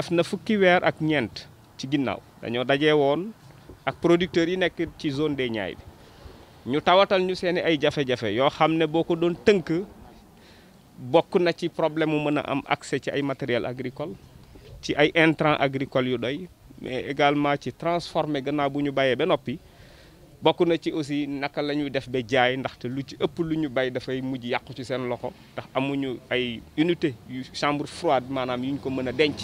def na fukki weer ak ñeent ci ginnaaw dañoo dajee woon ak producteurs yi nekk ci zone des Niayes bi ñu tawatal ñu seeni ay jafe-jafe yoo xam ne boo ko doon tënk bokk na ci problème mu mën a am accès ci ay matériel agricole ci ay intrants agricoles yu doy mais également ci transformer gannaaw bu ñu bayee ba noppi bokk na ci aussi naka lañuy def ba jaay ndaxte lu ci ëpp lu ñu bay dafay mujj yàqu ci seen loxo ndax amuñu ay unité yu chambre froide maanaam yu ñu ko mën a denc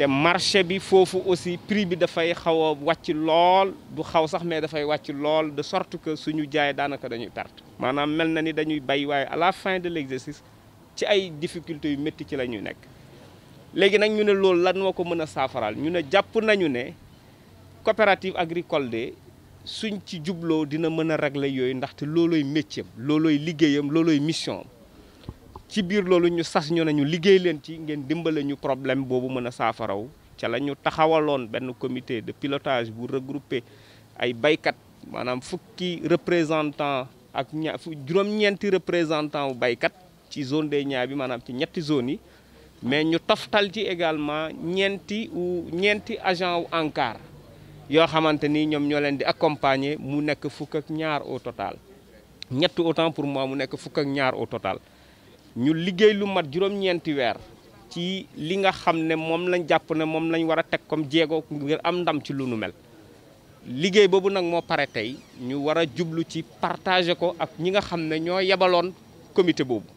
te marché bi foofu aussi prix bi dafay xaw wàcc lool du xaw sax mais dafay wàcc lool de sorte que suñu jaay daanaka dañuy perte maanaam mel na ni dañuy bay waaye à la fin de l'exercice ci ay difficultés yu métti ci la ñuy nekk léegi nag ñu ne loolu lan moo ko mën a saafaraal ñu ne jàpp nañu ne coopérative agricole de suñ ci jubloo dina mën a régler yooyu ndaxte loolooy métier am loolooy liggéeyam loolooy mission ci biir loolu ñu sas ñu nañu liggéey leen ci ngeen dimbale ñu problème boobu mën a saafaraw ca la ñu taxawaloon benn comité de pilotage bu regroupé ay baykat maanaam fukki représentant ak ña juróom-ñeenti représentant wu baykat ci zone des Niayes bi maanaam ci ñetti zones yi mais ñu toftal ci également ñeenti ñeenti agent wu ANCAR yoo xamante ni ñoom ñoo leen di accompagner mu nekk fukk ak ñaar au total ñett autant pour moi mu nekk fukk ak ñaar au total ñu liggéey lu mat juróom-ñeenti weer ci li nga xam ne moom lañ jàpp ne moom lañ war a teg kom jéego ngir am ndam ci lu nu mel liggéey boobu nag moo pare tey ñu war a jublu ci partager ko ak ñi nga xam ne ñoo yebaloon comité boobu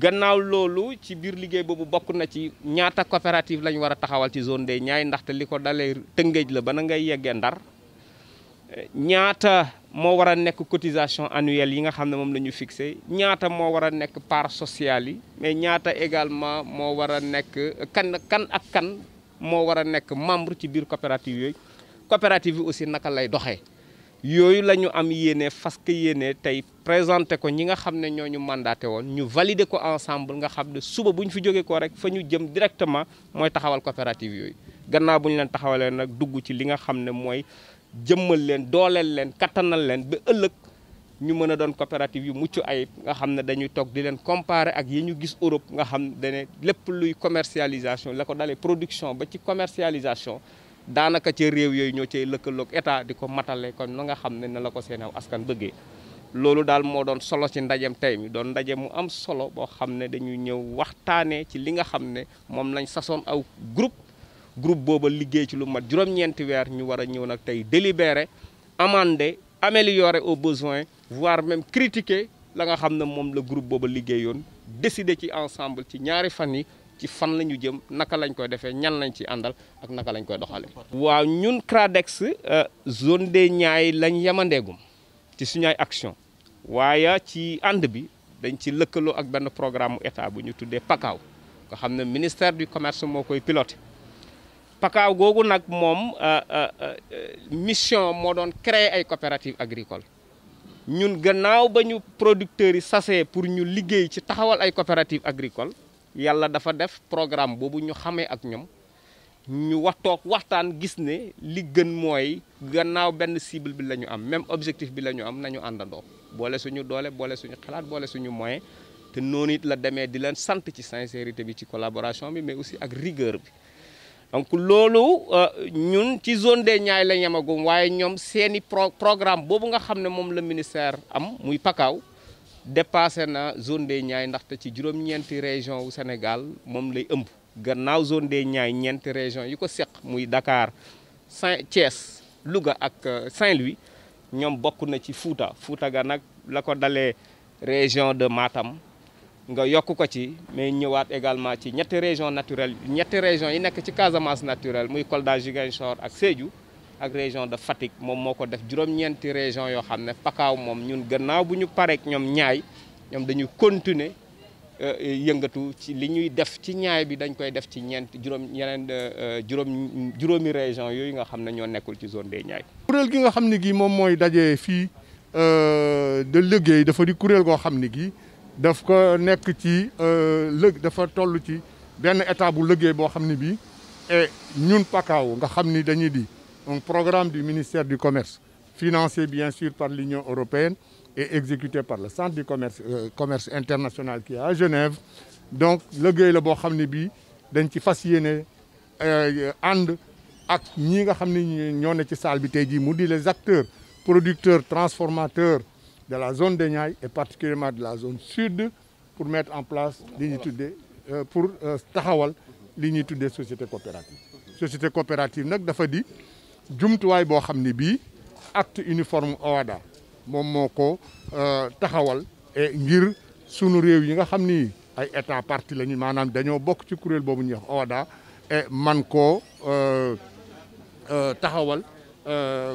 gannaaw loolu ci biir liggéey boobu bokk na ci ñaata coopérative lañ war a taxawal ci zone des Niayes ndaxte li ko dalee Tëngéej la ba na ngay yeggee Ndar ñaata moo war a nekk cotisation annuelle yi nga xam ne moom la ñu fixé ñaata moo war a nekk part sociale yi mais ñaata également moo war a nekk kan kan ak kan moo war a nekk membre ci biir coopérative yooyu coopérative yi aussi naka lay doxee yooyu la ñu am yéene fas yéene tey présenté ko ñi nga xam ne ñoo ñu mandaté woon ñu valider ko ensemble nga xam ne suba bu ñu fi jógee ko rek fa ñu jëm directement mooy taxawal coopérative yooyu gannaaw bu ñu leen taxawalee nag dugg ci li nga xam ne mooy jëmmal leen dooleel leen kattanal leen ba ëllëg ñu mën a doon coopérative yu mucc ayib nga xam ne dañuy toog di leen comparer ak yi ñu gis Europe nga xam dane lépp luy commercialisation la ko dalee production ba ci commercialisation daanaka ca réew yooyu ñoo cay lëkkaloog état di ko matale kon na nga xam ne na la ko seen aw askan bëggee loolu daal moo doon solo ci ndajem tey mi doon ndaje mu am solo boo xam ne dañuy ñëw waxtaanee ci li nga xam ne moom lañ sasoon aw groupe groupe booba liggéey ci lu mat juróom-ñeenti weer ñu war a ñëw nag tey délibérer amender améliorer au besoin voire même critiquer la nga xam ne moom la groupe booba liggéey yoon décidé ci ensemble ci ñaari fan yi ci fan la ñu jëm naka lañ koy defee ñan lañ ci àndal ak naka lañ koy doxalee. waa ñun CRADEX euh, zone des Niayes lañ yamandeegum ci suñu ay action waaye ci ànd bi dañ ci lëkkaloo ak benn programme état bu ñu tuddee PACAW nga xam ne ministère du commerce moo koy piloté. pakaaw googu nag moom euh, euh, euh, mission moo doon créer ay coopérative agricole ñun gannaaw ba ñu producteurs yi sasee pour ñu liggéey ci taxawal ay coopérative agricole yàlla dafa def programme boobu ñu xamee ak ñoom ñu waxtoog waxtaan gis ne li gën mooy gannaaw benn cible bi la am même objectif bi la ñu am nañu àndandoo boole suñu doole boole suñu xalaat boole suñu moyen te noonu it la demee di leen sant ci sincérité bi ci collaboration bi mais aussi ak rigueur bi donc loolu euh, ñun ci zone de Niayes la ñamagum waaye ñoom seeni pro programme boobu nga xam ne moom la ministère am muy pakaaw dépassé na zone des Niayes ndaxte ci juróom-ñeenti région wu Sénégal moom lay ëmb gannaaw zone des Niayes ñeenti région yi ko seq muy Dakar Saint Thiès Louga ak euh, Saint-Louis ñoom bokk na ci fuuta fuuta ga nag la ko dalee région de Matam nga yokk ko ci mais ñëwaat également ci ñetti région naturel ñetti région yi nekk ci Casamance naturelle muy Kolda Ziguinchor ak Sédhiou ak région de Fatick moom moo ko def juróom-ñeenti région yoo xam ne pakaaw moom ñun gannaaw bu ñu pareek ñoom ñaay ñoom dañuy continuer euh, yëngatu ci li ñuy def ci ñaay bi dañ koy def ci ñeent juróom yeneen euh, juróom juróomi région yooyu nga xam ne ñoo nekkul ci zone des Niayes kuréel gi nga xam ne gi moom mooy dajee fii euh, de liggéey dafa di kuréel goo xam ne gi daf ko nekk ci euh, lëg dafa toll ci benn état bu liggéey boo xam ne bii e ñun pakaaw nga xam ni dañuy di un programme du ministère du commerce financé bien sur par l'Union européenne et exécuté par le centre du commerce euh, commerce international qui est à Genève donc liggéey la boo xam ne bii dañ ci fas yéene euh, ànd ak ñi nga xam ne ñoo ne ci salle bi tey jii mu di les acteurs producteurs transformateurs de la zone de Niayes et particulièrement de la zone sud pour mettre en place li ñuy tuddee euh, pour euh, taxawal li ñuy tuddee société coopérative. société coopérative nag dafa di jumtuwaay boo xam ne bii acte uniforme OHADA moom moo ko euh, taxawal ngir sunu réew yi nga xam ni ay état partie la ñu maanaam dañoo bokk ci kuréel boobu ñuy wax OHADA man koo taxawal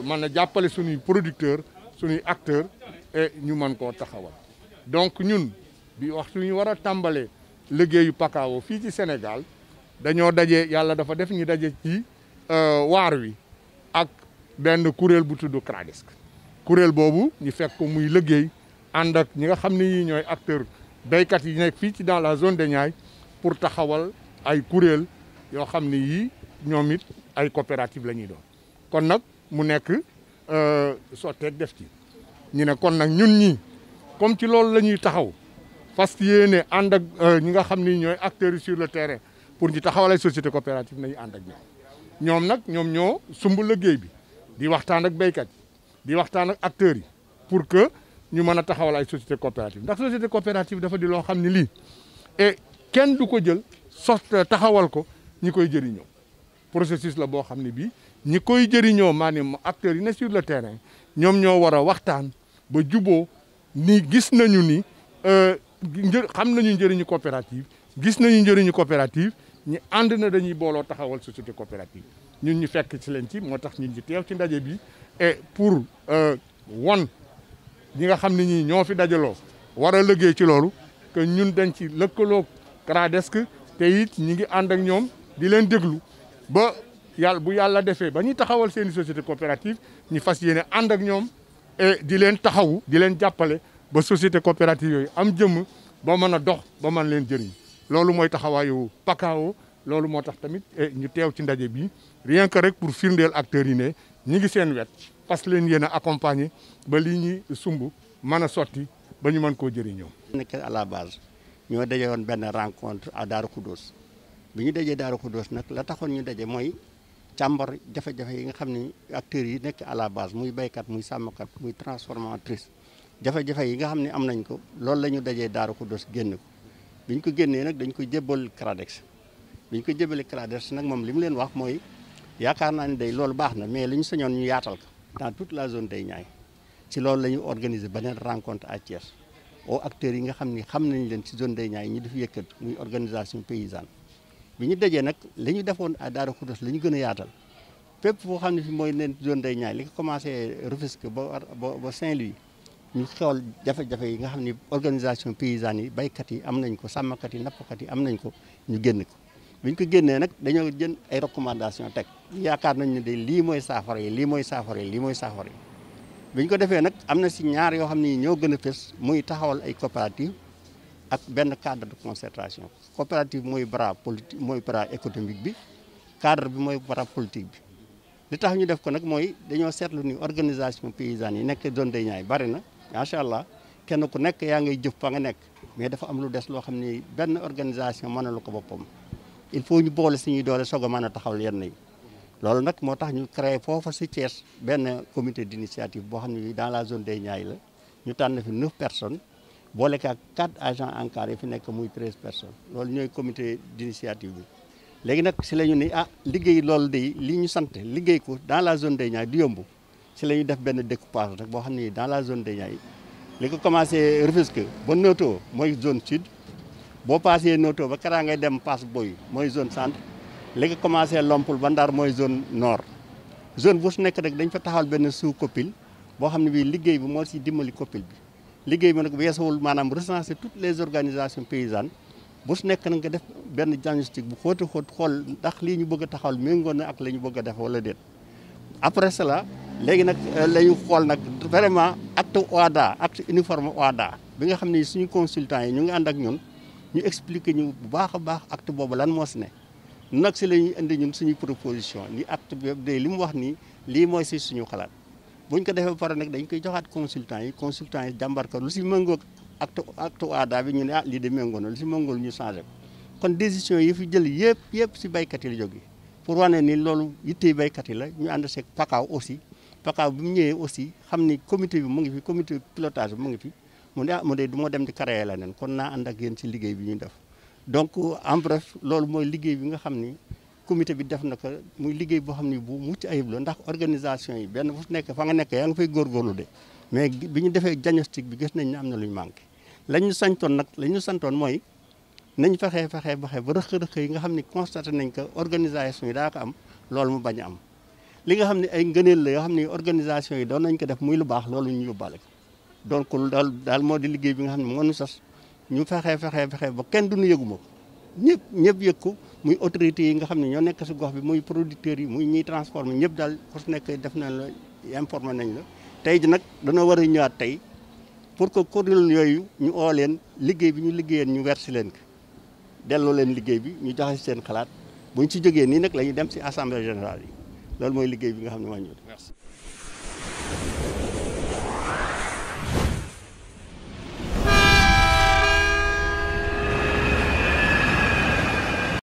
mën na jàppale sunuy producteur sunuy acteur et ñu mën koo taxawal donc ñun bi waxtu ñu war a tàmbalee liggéeyu pakaawo fii ci Sénégal dañoo daje yàlla dafa def ñu daje ci euh, waar wi ak benn kuréel bu tudd CRADESC kuréel boobu ñu fekk ko muy liggéey ànd ak ñi nga xam ne yi ñooy acteur béykat yi nekk fii ci dans la zone de Niayes pour taxawal ay kuréel yoo xam ne yii ñoom ay coopérative la ñuy doon kon nag mu nekk euh, sotteeg def ci ñu ne kon nag ñun ñi comme ci loolu la ñuy taxaw fas yéene ànd ak euh, ñi nga xam ni ñooy acteurs yi sur le terrain pour ñi taxawal ay société coopérative nañu ànd ak ñoom ñoom nag ñoom ñoo sumb liggéey bi di waxtaan ak béykat yi di waxtaan ak acteurs yi pour que ñu mën a taxawal ay société coopérative ndax société coopérative dafa di loo xam ne lii et kenn du ko jël sos euh, taxawal ko ñi koy jëriñoo processus la boo xam ne bii ñi koy jëriñoo maanaam acteurs yi ne sur le terrain ñoom ñoo war a waxtaan ba juboo ni gis nañu ni euh, xam nañu njëriñu coopérative gis nañu njëriñu coopérative ñu ànd na dañuy booloo taxawal société coopérative ñun ñu fekk ci leen ci moo tax ñun ñu teew ci ndaje bi et pour euh, won ñi nga xam ne ñi ñoo fi dajaloo war a liggéey ci loolu que ñun dañ ci lëkkaloo CRADESC te it ñi ngi ànd ak ñoom di leen déglu ba yàlla bu yàlla defee ba ñuy taxawal seeni i société coopérative ñu fas yéene ànd ak ñoom e di leen taxawu di leen jàppale ba société coopérative yooyu am jëmm ba mën a dox ba man leen jëriñ loolu mooy taxawaayu pakao loolu moo tax tamit eh, ñu teew ci ndaje bi rien que rek pour firndeel acteurs yi ne ñi ngi seen wet parce que leen yéen a accompagner ba lii ñuy sumb mën a sotti ba ñu mën koo jëriñoo. nekk à la base ñoo daje woon benn rencontre à Darou doos bi ñu dajee Darou doos nag la taxoon ñu daje mooy. càmbar jafe-jafe yi nga xam ni acteur yi nekk à la base muy béykat muy sàmmkat muy transformatrice jafe-jafe yi nga xam ne am nañ ko loolu la ñu dajee Daaru Xudoos génn ko bi ñu ko génnee nag dañ ko jébbal CRADEX bi ñu ko jébbale CRADEX nag moom li mu leen wax mooy yaakaar naa ne day loolu baax na mais li ñu sañoon ñu yaatal ko dans toute la zone day ñaay ci loolu la ñu organiser beneen rencontre à Thiès oo acteurs yi nga xam ni xam nañ leen ci zone day ñaay ñu def yëkkat muy organisation paysanne bi ñu dajee nag li ñu defoon à Darou Khoudoss la ñu gën a yaatal fépp foo xam ne fi mooy leen zone day ñaay li ko commencé Rufisque ba ba Saint-Louis ñu xool jafe-jafe yi nga xam ne organisation paysanne yi baykat yi am nañ ko sàmmkat yi nappkat yi am nañ ko ñu génn ko biñ ko génnee nag dañoo jën ay recommandation teg yaakaar nañ ne de lii mooy saafara yi lii mooy saafara yi lii mooy saafara yi biñ ko defee nag am na si ñaar yoo xam ne ñoo gën a fës muy taxawal ay coopérative ak benn cadre de concertation coopérative mooy bras politique mooy bras économique bi cadre bi mooy bras politique bi li tax ñu def ko nag mooy dañoo seetlu ni organisation paysanne yi nekk zone des Niayes bari na macha allah kenn ku nekk yaa ngay jëf fa nga nekk mais dafa am lu des loo xam ni benn organisation man mënalu ko boppam il faut ñu boole suñuy doole soog a mën a taxawal yenn yi loolu nag moo tax ñu créer foofa si Thiès benn comité d' boo xam ne dans la zone des Niayes la ñu tànn fi neuf personnes boole ak quatre agent ANCAR yi fi nekk muy treize personnes loolu ñooy comité d'initiative bi léegi nag si la ñu ni ah liggéey loolu de li ñu sante liggéey ko dans la zone des Niayes du yomb si la def benn découpage rek boo xam ne dans la zone des Niayes li commencé Rufisque ba Notto mooy zone sud boo passé Notto ba Kara ngay dem Passe booy mooy zone centre li ko commencé Lompul ba mooy zone nord zone bu su nekk rek dañ fa taxawal benn sous-copile boo xam ne bii liggéey bi moo si dimbali copile bi liggéey bi nag weesuwul maanaam recenser toutes les organisations paysannes bu su nekk nag nga def benn diagnostic bu xóoti xoot xool ndax lii ñu bëgg a taxawal méngoo na ak la ñu bëgg a def wala déet après la léegi nag euh, la xool nag vraiment acte OHADA acte uniforme OHADA bi nga xam ne suñu consultants yi ñu ngi ànd ak ñun ñu expliquer ñu bu baax a baax act boobu lan moo si ne nag si la ñuy indi ñun suñu proposition ni acte bi day li mu wax nii lii mooy si suñu xalaat buñ ko defee ba pare nag dañ koy joxaat consultant yi consultant yi jàmbar ko lu si méngoo acte acte ADA bi ñu ne ah lii de méngoo na lu si méngoo ñu changé ko kon décision yi fi jël yëpp yëpp si baykat yi la jógee pour wane ni loolu yittey baykat yi la ñu ànd seeg pakaaw aussi pakaaw bi mu ñëwee aussi xam ni comité bi mu ngi fi comité pilotage bi mu ngi fi mu ne ah mu de du ma dem di la leneen kon naa ànd ak yéen si liggéey bi ñu def donc en loolu mooy liggéey bi nga xam ni comité bi def na ko muy liggéey boo xam ne bu mu mucc ayib la ndax organisation yi benn fu nekk fa nga nekk yaa nga fay góorgóorlu de mais bi ñu defee diagnostic bi gis nañ ne am na lu ñu manqué lañ ñu nag lañ ñu santoon mooy nañ fexee fexee fexee ba rëq-rëq yi xam ne constaté nañ ko organisation yi daa am loolu mu bañ a am li nga xam ne ay ngëneel la yoo xam ne organisation yi doon nañ ko def muy lu baax loolu ñu yóbbaale ko donc daal daal moo di liggéey bi nga xam ne moo ñu sas ñu fexee fexee fexee ba kenn duñu yëgu ma ñëpp ñëpp yëg ko muy autorités yi nga xam ne ñoo nekk si gox bi muy producteurs yi muy ñii transformer ñëpp daal ku si nekk def nañ la informé nañ la tey ji nag danoo war a ñëwaat tey pour que kuréel yooyu ñu oo leen liggéey bi ñu liggéeyeen ñu wersi leen ko delloo leen liggéey bi ñu joxe si seen xalaat buñ si jógee nii nag la ñuy dem si assemblée générale yi loolu mooy liggéey bi nga xam ne moo